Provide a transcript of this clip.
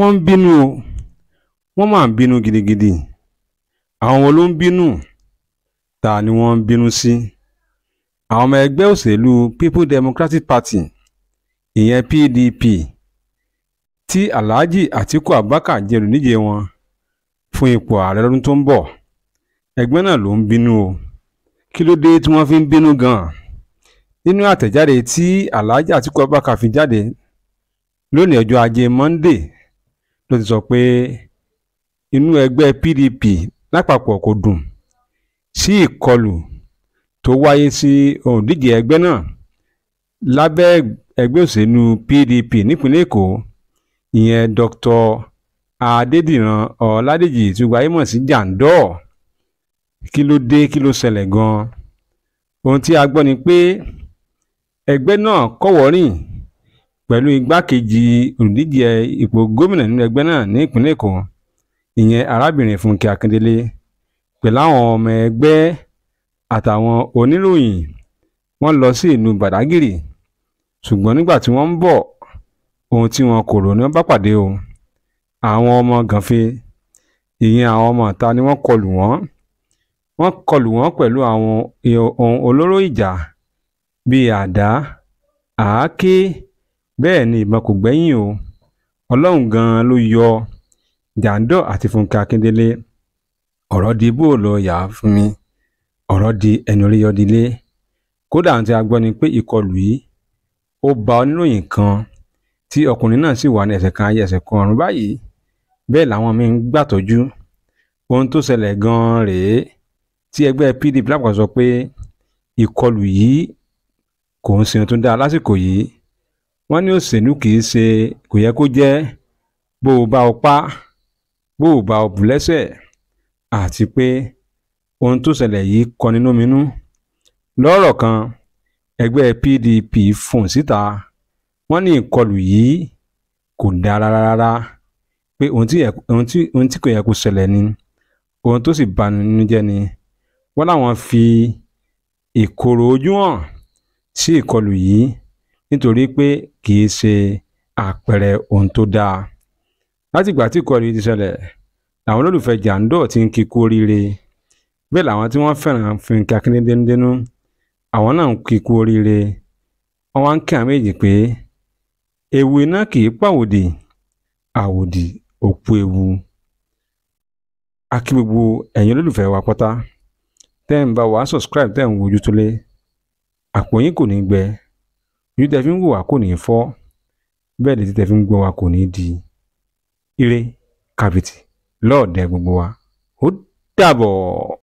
wọ́n ń bínú o wọ́n máa ń bínú gidigidi àwọn wo ló ń bínú ta ni wọ́n ń bínú sí àwọn ọmọ ẹgbẹ́ òṣèlú people democratic party ìyẹn pdp tí alhaji atiku abubakar jẹ́ olùdíje wọn fún ipò ààrẹ lọ́dún tó ń bọ̀ ẹgbẹ́ náà ló ń bínú o kí ló dé tí wọ́n fi ń bínú gan-an nínú àtẹ̀jáde tí alhaji atiku abubakar fi jáde lónìí ọjọ́ ajé monde ló ti sọ pé inú ẹgbẹ́ pdp lápapọ̀ kò dùn sí ìkọlù tó wáyé sí òǹdíje ẹgbẹ́ náà lábẹ́ ẹgbẹ́ òṣèlú pdp nípínlẹ̀ èkó ìyẹn dr adédìran ọládèjì tí wáyé mọ̀ sí jàǹdọ́ kí ló dé kí ló ṣẹlẹ̀ gan-an ohun tí a gbọ́ ni pé ẹgbẹ́ náà kọ̀wọ̀rìn pẹ̀lú igbákejì olùdíje ipò gómìnà nínú ẹgbẹ́ náà ní ìpínlẹ̀ èkó ìyẹn arábìnrin fúnkẹ́ akíndélé pẹ̀lú àwọn ọmọ ẹgbẹ́ àtàwọn oníròyìn wọ́n lọ sí ìlú badagry ṣùgbọ́n nígbà tí wọ́n ń bọ̀ ohun tí wọn kò rò ní wọ́n bá pàdé o àwọn ọmọ gànfe ìyẹn àwọn ọmọ ìta ni wọ́n kọlù wọ́n wọ́n kọlù wọ́n pẹ̀lú àwọn ohun olóró ìjà bíi àdá àáké bẹ́ẹ̀ ni ìbọn kò gbẹ́yìn o ọlọ́run gan-an ló yọ jàǹdọ̀ àti fúnkẹ́ akíndélé ọ̀rọ̀ di bó lọ yà á fún mi ọ̀rọ̀ di ẹni orí yọdílé kódà àti agbọ́ ni pé ìkọlù yìí ó ba oníròyìn kan tí ọkùnrin náà sì wà ní ẹsẹ̀ kan ayé ẹsẹ̀ kan ọ̀run báyìí bẹ́ẹ̀ làwọn míín gbàtọ́jú ohun tó ṣẹlẹ̀ gan-an rèé tí ẹgbẹ́ pdp lápapọ̀ sọ pé ìkọlù yìí kò ń ṣe ohun tó dáa lásìkò yìí wọ́n ní òṣèlú kì í ṣe kò yẹ kó jẹ́ bó o bá o pa bó o bá o bù lẹ́sẹ̀ àti pé ohun tó ṣẹlẹ̀ yìí kọni lóminú lọ́rọ̀ kan ẹgbẹ́ PDP fòun síta wọ́n ní ìkọlù yìí kò dára rárá pé ohun tí kò yẹ kó ṣẹlẹ̀ ni ohun tó sì bani nínú jẹ́ ni wọ́n láwọn fi ìkorò ojú hàn sí ìkọlù yìí nítorí pé kì í ṣe àpẹẹrẹ ohun tó dáa látìgbà tí ìkọlù yìí ti ṣẹlẹ̀ làwọn olólùfẹ́ jàǹdọ̀ ti ń kíkú oríire bẹ́ẹ̀ làwọn tí wọ́n fẹ́ràn Fúnkẹ́ Akíndélé àwọn náà ń kíkú oríire wọ́n wá ń kí àwọn èjì pé ewu iná kì í pàwòdì àwòdì òpó ewu akí gbogbo ẹ̀yin olólùfẹ́ wa pátá tẹ́ ń bá wa subscribe tẹ́ ń wojú tó lé àpò yín kò ní gbẹ ìlú tẹ fi ń wò wá kò ní fọ́ bẹ́ẹ̀ lè ti tẹ fi ń gbọ́ wa kò ní di ire kàbìtì lọ́ọ̀dẹ gbogbo wa ó dàbọ̀.